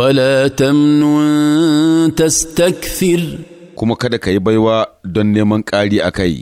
ولا تمنن تستكثر kuma kada ka yi baiwa don neman ƙari a kai